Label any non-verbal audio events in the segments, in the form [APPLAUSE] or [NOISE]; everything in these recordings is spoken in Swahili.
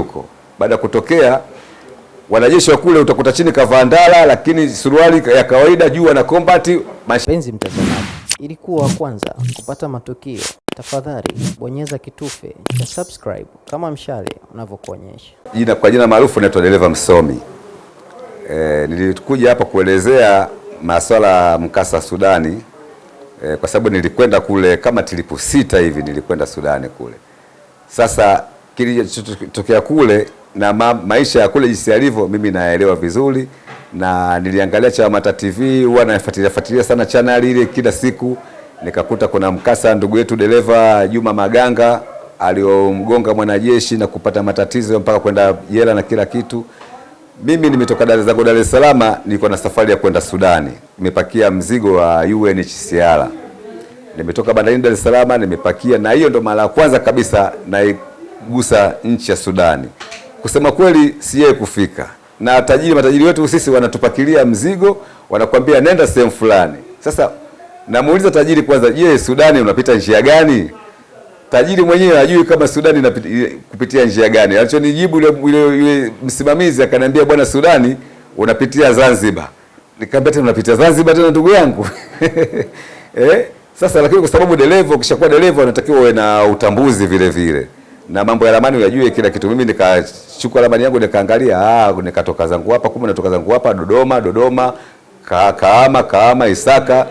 huko. Baada ya kutokea wanajeshi wa kule, utakuta chini kavandala, lakini suruali ya kawaida, juu ana combat. Mpenzi mtazamaji, ilikuwa kwanza kupata matukio, tafadhali bonyeza kitufe cha subscribe kama mshale unavyokuonyesha. Jina kwa jina maarufu naitwa Dereva Msomi. E, nilikuja hapa kuelezea masuala mkasa Sudani e, kwa sababu nilikwenda kule kama tilipo sita hivi nilikwenda Sudani kule sasa kilichotokea kule na ma, maisha ya kule jinsi yalivyo, mimi naelewa vizuri, na niliangalia Chawamata TV, huwa nafuatilia fuatilia sana channel ile kila siku, nikakuta kuna mkasa, ndugu yetu dereva Juma Maganga aliyomgonga mwanajeshi na kupata matatizo mpaka kwenda jela na kila kitu. Mimi nimetoka dare zangu Dar es Salaam, niko na safari ya kwenda Sudani, nimepakia mzigo wa UNHCR, nimetoka bandarini Dar es Salaam nimepakia, na hiyo ndo mara ya kwanza kabisa na kugusa nchi ya Sudani. Kusema kweli, si yeye kufika na tajiri, matajiri wetu sisi wanatupakilia mzigo, wanakuambia nenda sehemu fulani. Sasa namuuliza tajiri kwanza, je, Sudani unapita njia gani? Tajiri mwenyewe hajui kama Sudani inapitia kupitia njia gani. Alichonijibu yule yule msimamizi akaniambia, bwana, Sudani unapitia Zanzibar. Nikamwambia tena unapitia Zanzibar tena ndugu yangu [LAUGHS] eh? Sasa lakini kwa sababu dereva, ukishakuwa dereva unatakiwa uwe na utambuzi vile vile na mambo ya ramani uyajue kila kitu. Mimi nikachukua ramani yangu nikaangalia, ah, nikatoka zangu hapa, kumbe natoka zangu hapa Dodoma, Dodoma ka, Kahama, Kahama Isaka,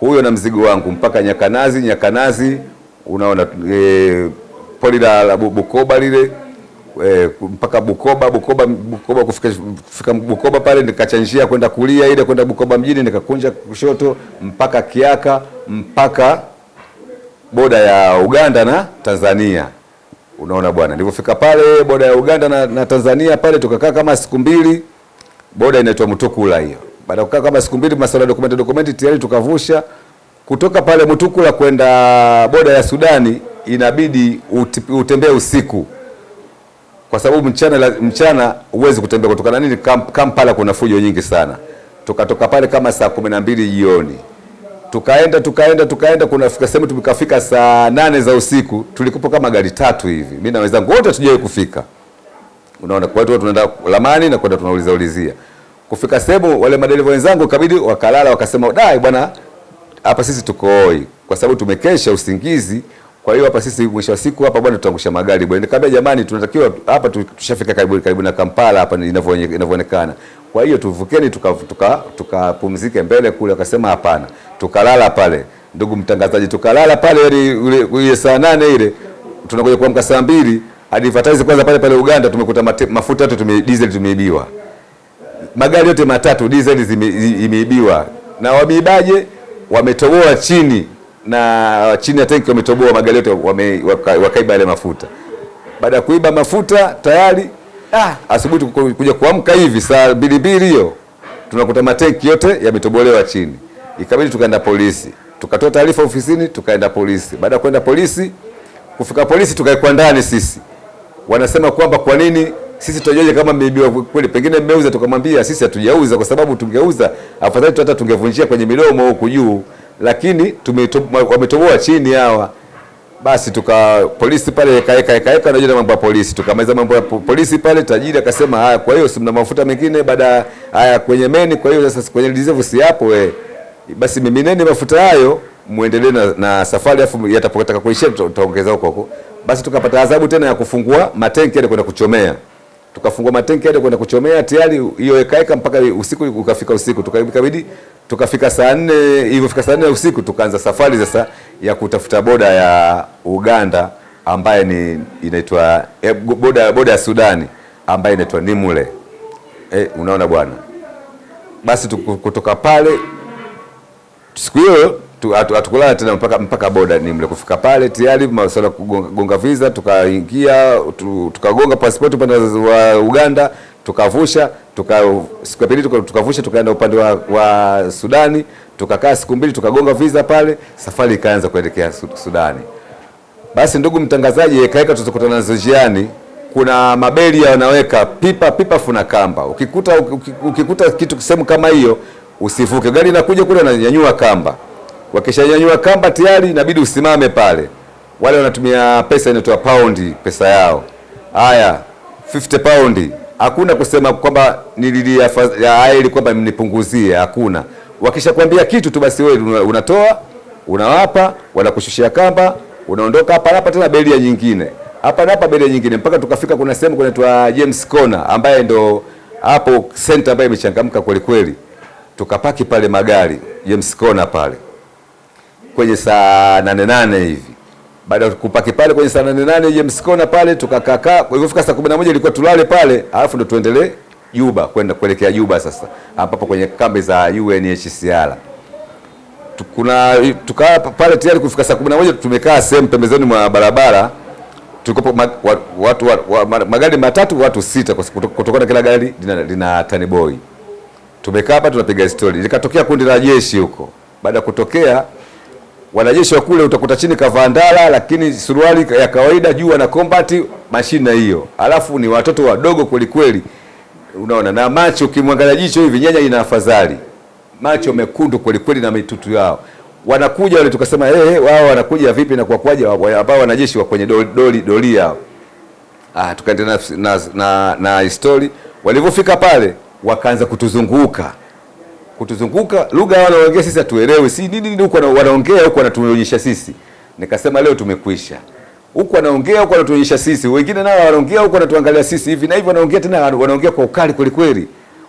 huyo na mzigo wangu mpaka Nyakanazi, Nyakanazi unaona e, poli la Bukoba lile e, mpaka Bukoba, Bukoba, Bukoba kufika, kufika Bukoba pale nikachanjia kwenda kulia ile kwenda Bukoba mjini nikakunja kushoto mpaka Kiaka mpaka boda ya Uganda na Tanzania. Unaona bwana, nilipofika pale boda ya Uganda na, na Tanzania pale tukakaa kama siku mbili, boda inaitwa Mutukula hiyo. Baada ya kukaa kama siku mbili, masuala ya dokumenti dokumenti tayari tukavusha. Kutoka pale Mutukula kwenda boda ya Sudani inabidi utembee usiku, kwa sababu mchana mchana huwezi kutembea kutokana nini, Kampala kuna fujo nyingi sana. Tukatoka pale kama saa kumi na mbili jioni tukaenda tukaenda tukaenda, kuna fika sehemu tumekafika saa nane za usiku, tulikupo kama gari tatu hivi, mimi na wenzangu wote hatujawahi kufika, unaona. Kwa hiyo tunaenda lamani na kwenda tunauliza ulizia kufika sehemu, wale madereva wenzangu kabidi wakalala, wakasema dai bwana, hapa sisi tuko hoi kwa sababu tumekesha usingizi. Kwa hiyo hapa sisi mwisho wa siku hapa bwana, tutangusha magari bwana. Nikamwambia jamani, tunatakiwa hapa, tushafika karibu karibu na Kampala hapa inavyoonekana. Kwa hiyo tuvukeni tukapumzike tuka, tuka mbele kule. Akasema hapana tukalala pale, ndugu mtangazaji, tukalala pale ile saa nane ile tunakuja kuamka saa mbili advertise kwanza pale pale Uganda, tumekuta mafuta yote tume diesel tumeibiwa, magari yote matatu diesel zimeibiwa na wabibaje Wametoboa chini na chini ya tanki wametoboa magari yote wame, wakaiba yale mafuta. Baada ya kuiba mafuta tayari, ah, asubuhi kuja kuamka hivi saa mbili mbili hiyo tunakuta matenki yote yametobolewa chini. Ikabidi tukaenda polisi, tukatoa taarifa ofisini, tukaenda polisi. Baada ya kwenda polisi, kufika polisi tukaekwa ndani sisi. Wanasema kwamba kwa nini sisi tunajuaje kama mmeibiwa kweli? Pengine mmeuza. Tukamwambia sisi hatujauza, kwa sababu tungeuza afadhali hata tungevunjia kwenye midomo huku juu, lakini wametoboa chini hawa. Basi tuka polisi pale kaeka kaeka, unajua na mambo ya polisi, tukamaliza mambo ya polisi pale. Tajiri akasema haya, kwa hiyo si mna mafuta mengine baada haya kwenye meni, kwa hiyo sasa kwenye reserve si hapo wewe eh basi mimineni mafuta hayo muendelee na, na safari afu yatapokataka kuishia tutaongeza huko huko. Basi tukapata adhabu tena ya kufungua matenki yale kwenda kuchomea, tukafungua matenki yale kwenda kuchomea tayari hiyo ekaeka mpaka usiku ukafika usiku, tukabidi tukafika saa 4 hivyo fika saa 4 usiku tukaanza safari sasa ya kutafuta boda ya Uganda ambaye ni inaitwa eh, boda boda ya Sudani ambaye inaitwa Nimule. Eh, unaona bwana, basi kutoka pale siku hiyo hatukulala tena mpaka, mpaka boda ni mle kufika pale tayari masuala kugonga visa, tukaingia tukagonga pasipoti upande wa Uganda, tukavusha tuka, siku ya pili tukavusha tukaenda upande wa, wa Sudani tukakaa siku mbili tukagonga visa pale, safari ikaanza kuelekea Sudani. Basi ndugu mtangazaji, ekaeka tutakutana nazo njiani, kuna mabeli ya wanaweka pipa pipa, funa kamba. Ukikuta ukikuta kitu sehemu kama hiyo usivuke. Gari inakuja kule, ananyanyua kamba, wakishanyanyua kamba tayari inabidi usimame pale. Wale wanatumia pesa inaitwa paundi, pesa yao haya 50 paundi. Hakuna kusema kwamba nililia ya aili kwamba mnipunguzie, hakuna. Wakishakwambia kitu tu, basi wewe unatoa unawapa, wanakushushia kamba, unaondoka hapa hapa, tena beli ya nyingine hapa na hapa, beli ya nyingine, mpaka tukafika kuna sehemu kunaitwa James Corner, ambaye ndo hapo center ambayo imechangamka kweli kweli tukapaki pale magari James Kona pale kwenye saa nane nane hivi. Baada ya kupaki pale kwenye saa nane nane James Kona pale tukakakaa, kwa hivyo fika saa moja ilikuwa tulale pale, alafu ndo tuendelee Juba kwenda kuelekea Juba sasa, ambapo kwenye kambi za UNHCR tukuna tukaa pale tayari kufika saa moja tumekaa sehemu pembezoni mwa barabara ma, wa, watu, wa, watu, magari matatu watu sita, kutokana kila gari lina, lina taniboi tumekaa hapa tunapiga stori, likatokea kundi la jeshi huko. Baada ya kutokea wanajeshi wa kule, utakuta chini kavandala, lakini suruali ya kawaida, juu wana combat mashine hiyo, alafu ni watoto wadogo kweli kweli, unaona na macho, ukimwangalia jicho hivi nyanya ina afadhali, macho mekundu kweli kweli na mitutu yao wanakuja wale, tukasema hey, eh, eh, wao wanakuja vipi na kwa kwaje ambao wanajeshi wa kwenye doli, doli, doli yao. Ah, tukaendelea na, na, na, na story walivyofika pale wakaanza kutuzunguka kutuzunguka, lugha wanaongea sisi hatuelewi, si nini nini, huko wanaongea huko wanatuonyesha sisi. Nikasema leo tumekwisha, huko wanaongea huko wanatuonyesha sisi, wengine nao wanaongea huko wanatuangalia sisi hivi na hivyo wanaongea tena, wanaongea kwa ukali kweli kweli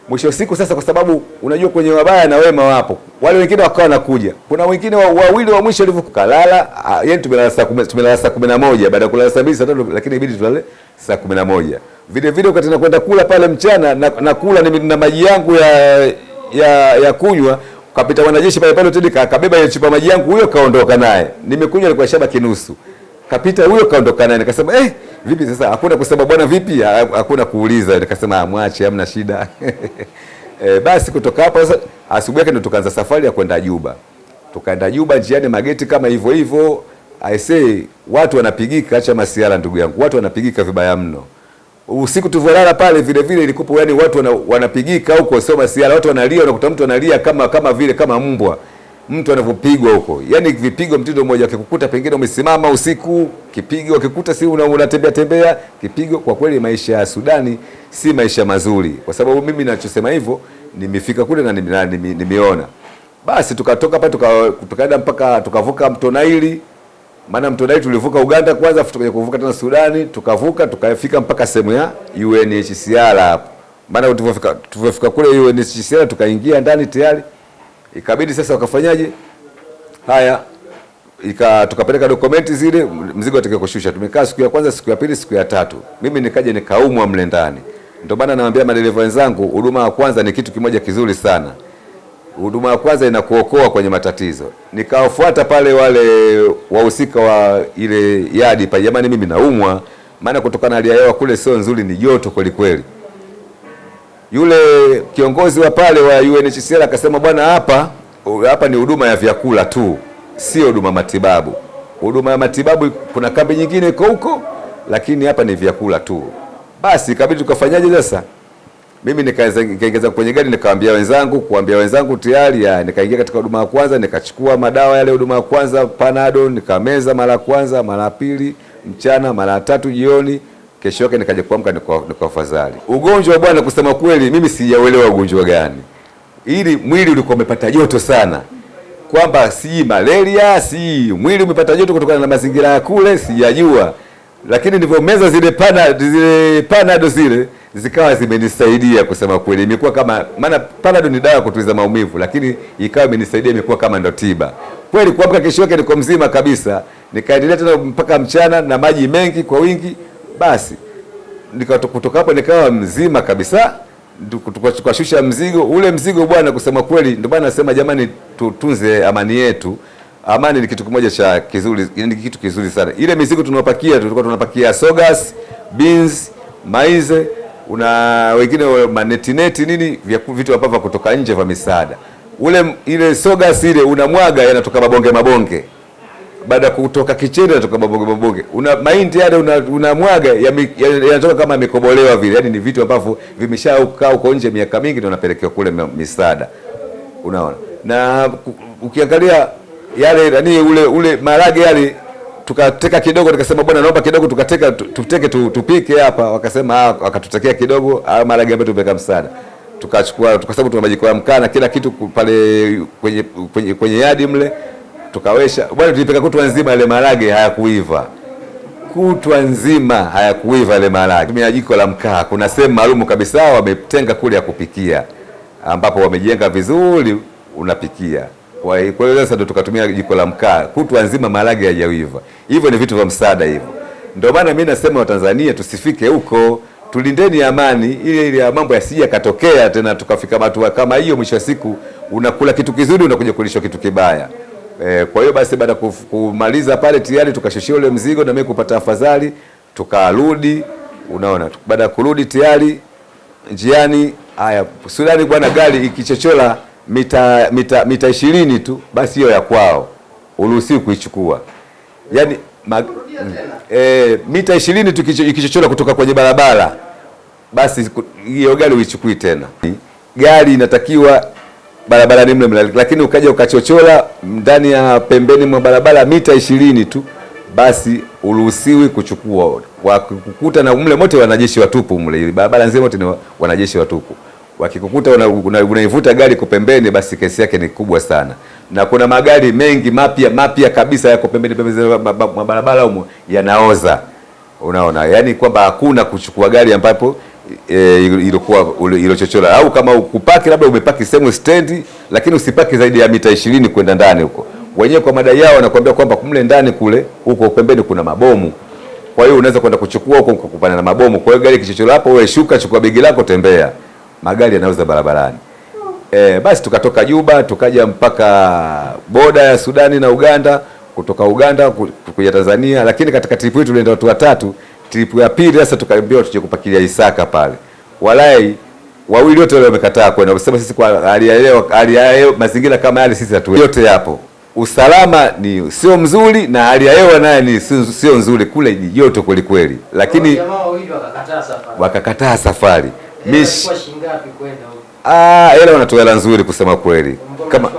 mwisho siku sasa, kwa sababu unajua kwenye wabaya na wema wapo wale wengine, wakawa wanakuja. Kuna wengine wawili wa, wa mwisho kalala, ah, yeye, tumelala saa tumelala saa kumi na moja baada ya kulala saa mbili saa tatu, lakini ibidi tulale saa kumi na moja vile vile, wakati nakwenda kula pale mchana na, na kula ni na maji yangu ya ya, ya kunywa kapita wanajeshi pale pale hoteli, kabeba ile chupa maji yangu, huyo kaondoka naye, nimekunywa nilikuwa shaba kinusu kapita huyo kaondoka naye. Nikasema eh, vipi sasa? Hakuna kusema bwana vipi, hakuna kuuliza. Nikasema amwache, hamna shida [LAUGHS] E, basi kutoka hapo sasa, asubuhi yake ndo tukaanza safari ya kwenda Juba. Tukaenda Juba, njiani mageti kama hivyo hivyo, I say watu wanapigika, acha masiala ndugu yangu, watu wanapigika vibaya mno. Usiku tulivyolala pale vile vile ilikupo, yani watu wana, wanapigika huko, sio masiala, watu wanalia, unakuta mtu analia kama kama vile kama mbwa mtu anavyopigwa huko, yaani vipigo mtindo mmoja, akikukuta pengine umesimama usiku, kipigo akikuta si unatembea tembea, kipigo. Kwa kweli maisha ya Sudani si maisha mazuri, kwa sababu mimi ninachosema hivyo, nimefika kule na nimeona nimi, nimi basi tukatoka pale tukaenda mpaka tukavuka mto Naili, maana mto Naili tulivuka Uganda kwanza, tukaja kuvuka tena Sudani, tukavuka tukafika mpaka sehemu ya UNHCR hapo, maana tulivyofika kule UNHCR tukaingia ndani tayari Ikabidi sasa wakafanyaje? Haya, ika tukapeleka dokumenti zile, mzigo atakaye kushusha. Tumekaa siku ya kwanza, siku ya pili, siku ya tatu, mimi nikaja nikaumwa mle ndani. Ndio maana nawaambia madereva wenzangu, huduma ya kwanza ni kitu kimoja kizuri sana. Huduma ya kwanza inakuokoa kwenye matatizo. Nikawafuata pale wale wahusika wa ile yadi pa, jamani, mimi naumwa, maana kutokana na hali ya hewa kule sio nzuri, ni joto kweli kweli yule kiongozi wa pale wa UNHCR akasema, bwana, hapa hapa ni huduma ya vyakula tu, sio huduma matibabu. Huduma ya matibabu kuna kambi nyingine iko huko, lakini hapa ni vyakula tu. Basi ikabidi tukafanyaje sasa? Mimi nikaingiza kwenye gari nikawaambia wenzangu, kuambia wenzangu tayari, ya nikaingia katika huduma ya kwanza, nikachukua madawa yale huduma ya kwanza Panadol, nikameza mara ya kwanza, mara ya pili mchana, mara ya tatu jioni. Kesho yake nikaja kuamka nikawafadhali. Ugonjwa bwana, kusema kweli, mimi sijauelewa ugonjwa gani, ili mwili ulikuwa umepata joto sana, kwamba si malaria, si mwili umepata joto kutokana na mazingira ya kule, sijajua. Lakini nilivyomeza zile pana zile panado zile zikawa zimenisaidia kusema kweli, imekuwa kama maana panado ni dawa kutuliza maumivu, lakini ikawa imenisaidia, imekuwa kama ndo tiba kweli. Kuamka kesho yake niko mzima kabisa, nikaendelea tena mpaka mchana na maji mengi kwa wingi basi kutoka hapo nikawa mzima kabisa, tukashusha mzigo ule. Mzigo bwana, kusema kweli, ndio bwana nasema jamani, tutunze amani yetu. Amani ni kitu kimoja cha kizuri, ni kitu kizuri sana. Ile mizigo tunapakia tulikuwa tunapakia sogas, beans, maize, una wengine manetineti nini, vitu ambavyo kutoka nje vya misaada. Ule ile sogas ile unamwaga, yanatoka mabonge mabonge baada ya kutoka kicheni anatoka maboge maboge, una maini tayari unamwaga, una yanatoka kama yamekobolewa vile, yani ni vitu ambavyo vimeshakaa huko nje miaka mingi, ndio unapelekewa kule misaada, unaona. Na ukiangalia yale nani ule ule marage yale tukateka kidogo, nikasema bwana, naomba kidogo, tukateka tuteke tu, tupike hapa, wakasema ah, wakatutekea kidogo ah, marage ambayo tumeweka msaada tukachukua kwa sababu tuna majiko ya mkaa na kila kitu pale kwenye, kwenye, kwenye yadi mle tukawesha bwana, tulipika kutwa nzima, yale maharage hayakuiva, kutwa nzima hayakuiva ile marage. Mimi jiko la mkaa, kuna sehemu maalum kabisa wametenga kule ya kupikia, ambapo wamejenga vizuri, unapikia kwa hiyo sasa ndo tukatumia jiko la mkaa kutwa nzima, maharage hayajaiva. Hivyo ni vitu vya msaada hivyo. Ndio maana mimi nasema Watanzania tusifike huko, tulindeni amani ili ile mambo yasije yakatokea tena tukafika matua kama hiyo. Mwisho wa siku unakula kitu kizuri, unakuja kulishwa kitu kibaya. E, kwa hiyo basi baada kumaliza pale tayari tukashushia ule mzigo na mimi kupata afadhali, tukarudi. Unaona, baada ya kurudi tayari njiani, haya Sudani bwana, gari ikichochola mita mita mita ishirini tu basi, hiyo ya kwao uruhusiwi kuichukua yani mag, e, mita ishirini tu ikichochola kutoka kwenye barabara, basi hiyo gari uichukui tena. Gari inatakiwa barabarani mle mle, lakini ukaja ukachochola ndani ya pembeni mwa barabara mita ishirini tu, basi uruhusiwi kuchukua. Wakikukuta na mle mote wanajeshi watupu mle, ile barabara nzima mote ni wanajeshi watupu. Wakikukuta unaivuta gari kwa pembeni, basi kesi yake ni kubwa sana, na kuna magari mengi mapya mapya kabisa yako pembeni pembeni mwa barabara humo yanaoza. Unaona, yani kwamba hakuna kuchukua gari ambapo Eh, e, ilokuwa au kama ukupaki labda umepaki sehemu stendi, lakini usipaki zaidi ya mita ishirini kwenda ndani huko. Wenyewe kwa madai yao wanakuambia kwamba kumle ndani kule huko pembeni kuna mabomu, kwa hiyo unaweza kwenda kuchukua huko kupana na mabomu. Kwa hiyo gari kichochola hapo, wewe shuka, chukua begi lako, tembea. Magari yanauza barabarani. E, basi tukatoka Juba tukaja mpaka boda ya Sudani na Uganda, kutoka Uganda kuja Tanzania, lakini katika trip yetu tulienda watu watatu. Tripu ya pili sasa tukaambiwa tuje kupakilia Isaka pale. Walai wawili wote wale wamekataa kwenda. wamesema sisi kwa alielewa alielewa mazingira kama yale sisi hatu. Yote yapo. Usalama ni sio mzuri na hali ya hewa naye ni sio nzuri, kule ni joto kweli kweli. Lakini jamaa wawili wakakataa safari. Wakakataa safari. Mish. Ah, ile wanatoa hela nzuri kusema kweli. Kama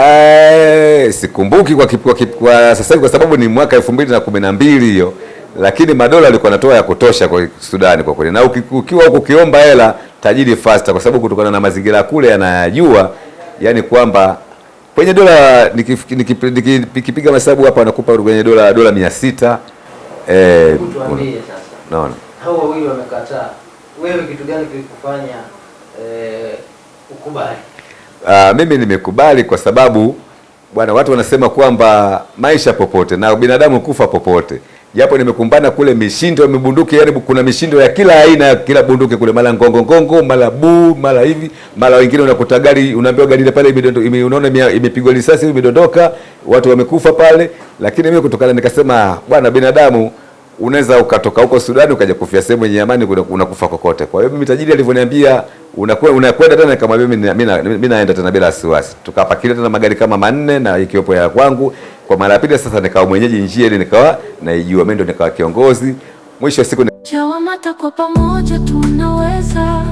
eh sikumbuki kwa kwa, kwa sasa kwa sababu ni mwaka 2012 hiyo lakini madola alikuwa anatoa ya kutosha kwa Sudani kwa kweli, na ukiwa huko ukiomba hela tajiri fasta kwa sababu kutokana na mazingira kule yanayajua, yani kwamba kwenye dola nikipiga niki, niki, mahesabu hapa anakupa kwenye dola dola mia sita eh, naona hao wawili wamekataa. Wewe kitu gani kilikufanya eh, ukubali? Aa, ah, mimi nimekubali kwa sababu bwana, watu wanasema kwamba maisha popote na binadamu kufa popote japo nimekumbana kule mishindo ya mibunduki, yani kuna mishindo ya kila aina ya kila bunduki kule, mala ngongo ngongo, mala bu mala hivi, mala wengine unakuta gari, unaambiwa gari pale imedondo unaona imepigwa risasi imedondoka, watu wamekufa pale. Lakini mimi kutokana, nikasema bwana, binadamu unaweza ukatoka huko Sudan ukaja kufia sehemu yenye amani, unakufa kokote. Kwa hiyo mimi tajiri alivyoniambia unakwenda tena, nikamwambia mimi naenda tena bila wasiwasi. Tukapakilia tena magari kama manne na ikiwepo ya kwangu kwa mara ya pili sasa nikawa mwenyeji njia ile nikawa naijua mimi ndo nikawa kiongozi mwisho wa siku. ni... Chawamata, kwa pamoja tunaweza,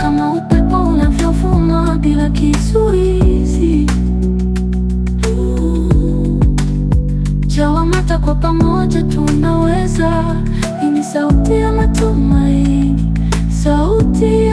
kama upepo unavyovuma bila kizuizi. Chawamata, kwa pamoja tunaweza, ni sauti ya matumaini, sauti ya